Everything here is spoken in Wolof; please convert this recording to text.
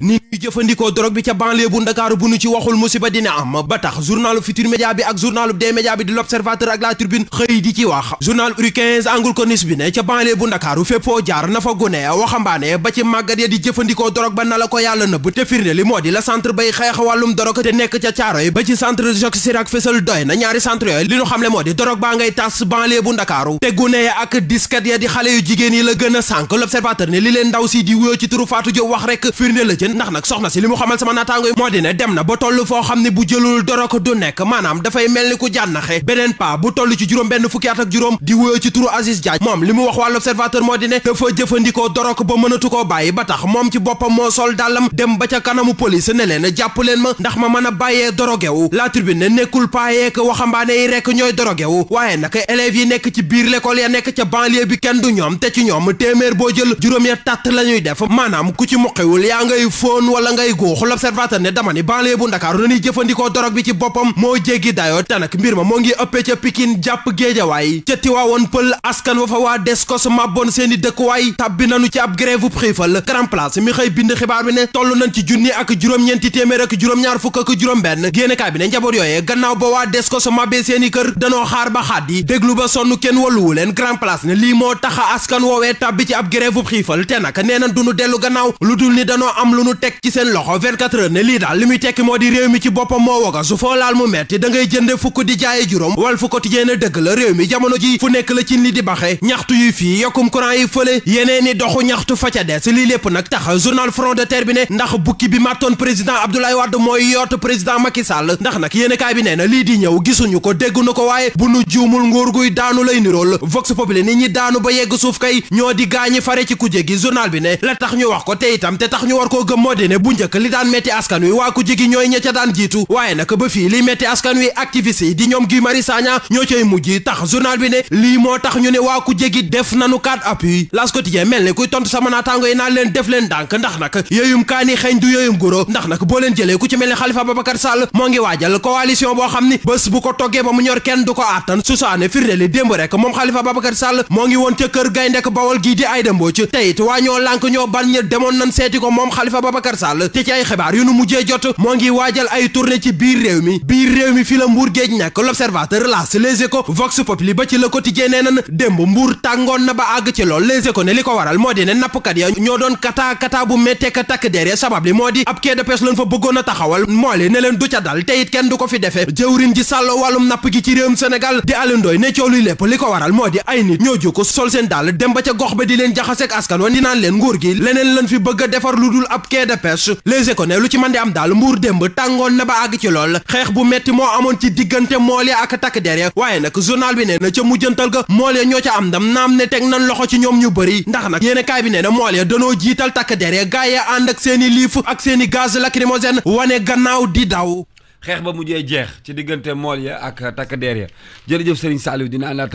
ni ñuy jëfandikoo drogue bi ca banlieue bu ndakaaru bu nu ci waxul musiba dina am ba tax journalu futur média bi ak journalu des média bi di l'observateur ak la tribune xëy di ci wax journal ru 15 angle bi ne ca banlieue bu ndakaaru féppoo jaar na fa gune waxambaane ba ci màggat ya di jëfandikoo drogue ba na la ko yàlla nëbb te firnde li moo di la centre bay xeex wàllum drogue te nekk ca Caaroy ba ci centre Jacques Chirac Fesal doy na ñaari di drogue baa ngay tas banlieue bu la gën a sànk l'observateur firnde la jën ndax nag soxna si li mu xamal sama naataango moo di ne dem na ba toll foo xam ne bu jëlul dorog du nekk maanaam dafay mel ni ku jànnaxe beneen pa bu toll ci juróom benn fukki at ak juróom di wóyoo ci turu Aziz Diagne moom li mu wax waa l'observateur moo di ne dafa jëfandikoo dorog ba mënatu koo bàyyi ba tax moom ci boppam moo sol dàllam dem ba ca kanamu police ne leen jàpp leen ma ndax ma mën a bàyyee dorogewu la tribune ne nekkul paayeek waxambaane yi rekk ñooy dorogewu waaye nag élèves yi nekk ci biir l'école ya nekk ca banlieue bi kenn du ñoom te boo jël juróom ya tàtt la ñuy def maanaam ku ci muqiwul ngay phone wala ngay xol observateur ne dama ni banlieue bu ndakaaru ni jëfandikoo dorog bi ci bopam mo jéggi dayo te mbir ma mo ngi ëppee ci Pikine jàpp géejawaay peul askan wa fa waa deskos màbboon dekk way tabbi nañu ci ab grève xiifal grand place mi xey bind xibaar bi ne tollu nañ ci jooni ak juroom ñeenti téeméer ak juroom ñaar fuk ak ben gene ka bi ne njabot yooyee gannaaw ba waa deskos màbbee seni kër danoo xaar ba xadi déglu ba sonu kenn walu wulen grand place ne li mo taxa askan wowe tabbi ci ab grève xiifal te nag nee duñu delu gannaaw lu dul ni ñoo am lu nu teg ci seen loxo 24 heures ne lii daal li muy tekki da ngay jënde fukk di jaaye juróom wal fu quotidien ne dëgg la réew mi jamono ji fu la cin li ndax bukki bi màttoon président Abdoulaye Wade mooy yoot président Macky Sall ndax nag yéenekaay bi nee lii di ñëw gisuñu ko déggunu ko waaye bu nu juumul nguur guy daanu lay nirool vox populi ni ñi daanu ba yegg suuf kay ñoo di gaañi fare ci kujje gi journal bi ne la tax ñu wax ko te itam te tax ñu war ko gëm modé né ne bu njëkk li daan metti askan wi wa ku jigi ñoy ña ca daan jitu waaye nak ba fi li metti askan wi activiste di ñom ñoo tax journal bi né li mo tax ñu né wa ku jigi def nañu carte appui L'As Quotidien melni kuy tontu sama na tangoy na leen def leen dank ndax nak yeyum kaani xeeñ du yeyum goro ndax nak bo leen jëlé ku ci melni Khalifa babakar Sall mo ngi waajal coalition bo xamni bëss bu ko toggé ba mu ñor kenn du ko àttan susaane firnde li rek mom Khalifa babakar Sall mo ngi won ca kër gaynde ak Bawol gi di ci it ñoo lank ñoo ban ñi demon nan séti ko moom Khalifa Babacar Sall te ci ay xibaar yu nu mujjee jot moo ngi waajal ay tournée ci biir réew mi biir réew mi fi la mbuur géej nekk l'observateur las les échos vox populi ba ci le quotidien nee nan démb mbuur tàngoon na ba àgg ci lool les échos ne li ko waral moo di ne nappkat ya ñoo doon kataa bu méttee ka takk deree sabab li moo di ab quai de fa bëggoon a taxawal moo li ne leen du ca dal te kenn du ko fi defee jëwrin ji sàll wàllum napp gi ba a dul ab quai de pêche les économies lu ci mën di am daal mbuur démb tàngoon na ba àgg ci lool xeex bu metti moo amoon ci diggante mool ya ak takk der ya waaye nag journal bi nee na ca mujjantal ga mool ya ñoo ca am ndam naam ne teg nan loxo ci ñoom ñu bëri ndax nag yéen kaay bi nee na mool ya danoo jiital takk der ya gaay ya ànd ak seen i liif ak seen i gaz wane gannaaw di daw xeex ba mujjee jeex ci diggante mool ya ak takk der ya jërëjëf Serigne Saliou dinaa la